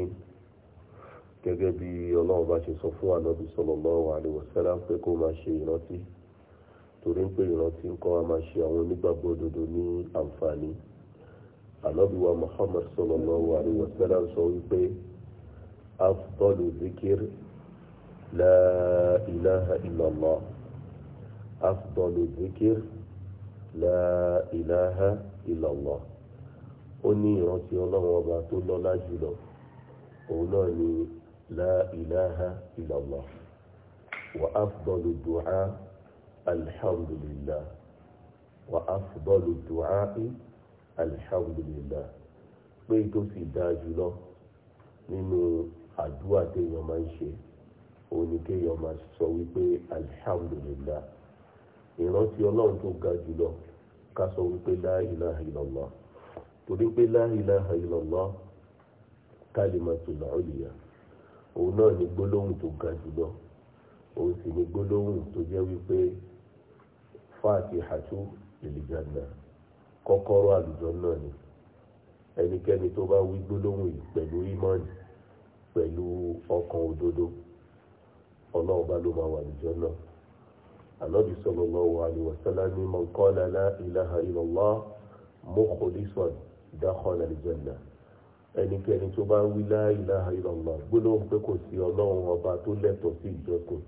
العالمين gẹ́gẹ́ bí ọlọ́run bá ṣe sọ fún ànábì sallallahu alaihi wasallam pé kó máa ṣe ìrántí torí pé ìrántí ń kọ́ wa máa ṣe àwọn onígbàgbọ́ òdodo ní àǹfààní ànábì wa Muhammad sallallahu alaihi wasallam sọ wípé afdalu zikir la ilaha illallah afdalu zikir la ilaha illallah ó ní ìrántí ọlọ́run ọba tó lọ́lá jùlọ òun náà ni la ilaha illallah wa afdalu du'a alhamdulillah wa afdalu du'a alhamdulillah pé tó sì dáa jùlọ nínú àdúrà téèyàn máa ń ṣe òun ni kéèyàn máa sọ wípé alhamdulillah ìrántí ọlọ́run tó ga jùlọ ká sọ wípé la ilaha torí pé la ilaha kalimatul ulya òun náà ni gbólóhùn tó ga jùlọ òun sì ni gbólóhùn tó jẹ́ wípé fatihatu lilijanna kọ́kọ́rọ́ àlùjọ náà ni ẹnikẹ́ni tó bá wí gbólóhùn yìí pẹ̀lú ìmọ̀ọ́nì pẹ̀lú ọkàn òdodo ọlọ́run bá ló máa wà àlùjọ náà anabi sallallahu alayhi wa sallam man qala la ilaha illallah mukhlisan dakhala aljanna ẹnikẹ́ni tó bá ń wí la ilaha illallah gbólóhùn pé kò sí ọlọ́run ọba tó lẹ́tọ̀ọ́ sí ìjọsìn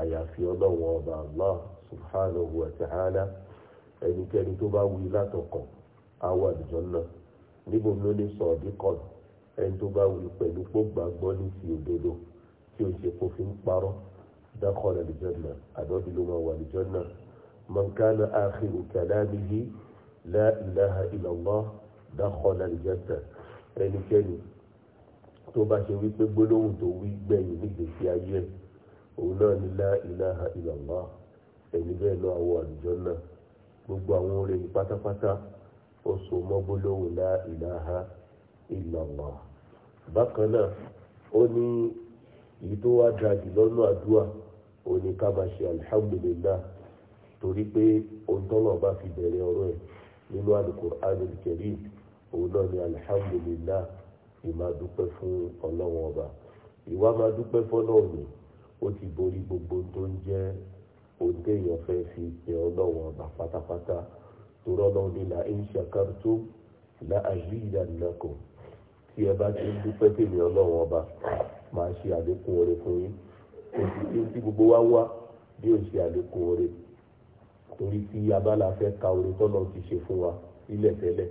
àyàfi ọlọ́run ọba allah subhanahu wa ta'ala ẹnikẹ́ni tó bá wí látọkàn á wà àlùjànnà níbo ló lè sọ ọdí ẹni tó bá wí pẹ̀lú pé gbàgbọ́ ní ti òdodo tí o ṣe kó fi ń parọ́ dakhala àlùjànnà àdọ́bí ló máa wà àlùjànnà man kana akhiru kalamihi la ilaha illallah dakhala àlùjànnà. ẹnikẹ́ni tó bá ṣe wípé gbólóhùn tó wí gbẹ̀yìn nígbèsí ayé ẹ̀ òun náà ní lá ilaha illallah ẹni bẹ́ẹ̀ lọ àwọn àlùjọ náà gbogbo àwọn oore patapata pátápátá so mọ gbólóhùn lá ilaha illallah bákan náà ó ní èyí tó wá dáa jù lọ́nà àdúrà ni ká máa ṣe alhamdulillah torí pé ohun tọ́lọ̀ fi bẹ̀rẹ̀ ọ̀rọ̀ ẹ̀ nínú òun náà ni alihamudulilá ìmàdúpẹ́ fún ọlọ́wọ́n ọba ìwà máa dúpẹ́ fọlọ́ọ̀mù ó ti borí gbogbo tó ń jẹ́ ohun téèyàn fẹ́ fi pè ọlọ́wọ́n ọba pátápátá torí ọlọ́run ní la ń ṣàkàtó la àyíyá nàkó tí ẹ bá ti ń dúpẹ́ tèmi ọlọ́wọ́n ọba máa ṣe àlékún oore fún yín òsì tí tí gbogbo wa wá bí ó ṣe àlékún oore torí tí abala fẹ́ ka oore tọ́lọ́ ti ṣe fún wa sílẹ̀ tẹ́lẹ̀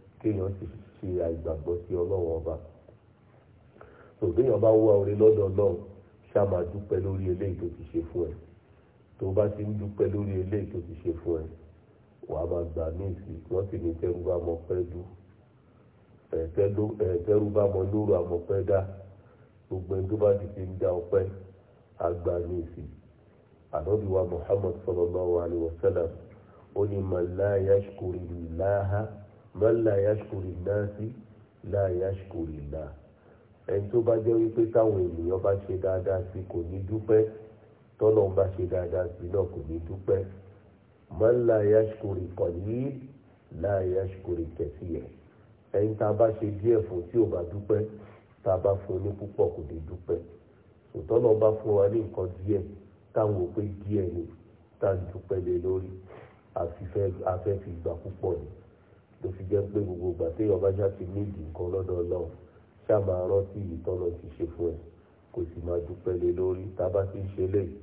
kéèyàn sì ṣe àìgbàgbọ́ sí ọlọ́run ọba òbíyàn bá wá orí lọ́dọ̀ ọlọ́run ṣá máa dúpẹ́ lórí eléyìí tó ti ṣe fún ẹ tó bá ti ń dúpẹ́ lórí eléyìí tó ti ṣe fún ẹ wàá máa gbà míì sí wọ́n sì ní tẹ́rù bá mọ pẹ́ dú tẹ́rù bá mọ lóru àmọ́ pẹ́ dá gbogbo ẹni tó bá ti ti ń dá ọpẹ́ àgbà míì sí ànábì wa Muhammad sallallahu alaihi ó ní man la yashkurillaha man لا يشكر الناس لا yashkuri la ẹni tó bá jẹ́ wípé táwọn ènìyàn bá ṣe dáadáa sí kò ní dúpẹ́ tọ́lọ́ bá ṣe dáadáa sí náà kò ní dúpẹ́ man la yashkuri qalil la yashkuri kathir ẹni tá a bá ṣe díẹ̀ fún tí ò bá dúpẹ́ tá a bá fún ní púpọ̀ kò ní dúpẹ́ sòtọ́lọ́ bá fún wa ní nǹkan díẹ̀ táwọn òpé díẹ̀ ni tá a dúpẹ́ lé lórí àfẹ́fẹ́ gbà púpọ̀ ni ló fi jẹ́ pé gbogbo ìgbà tí ọba ṣá ti nídìí nǹkan lọ́dọ̀ Ọlọ́run ṣá máa rántí ìtọ́nà ti ṣe fún ẹ kò sì máa dúpẹ́ lé lórí tábà ti ń ṣe eléyìí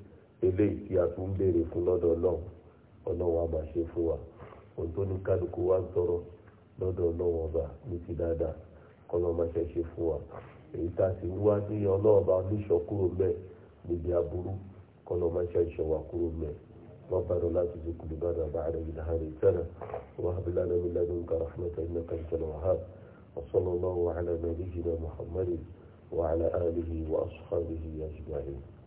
eléyìí tí a tún ń béèrè fún lọ́dọ̀ Ọlọ́run Ọlọ́run á máa ṣe fún wa ohun tó ní kálukú wa ń tọrọ lọ́dọ̀ Ọlọ́run ọba ní ti dáadáa kọ́nà máa ṣe ṣe fún wa èyí tá a sì ń wá sí Ọlọ́run ọba oníṣọ́ kúrò mẹ́ẹ̀ níbi aburú kọ́nà máa ṣe ṣọ́ kúrò mẹ́ẹ̀ ربنا لا تزغ قلوبنا بعد إذ هديتنا وهب لنا من لدنك رحمة إنك أنت الوهاب وصلى الله على نبينا محمد وعلى آله وأصحابه أجمعين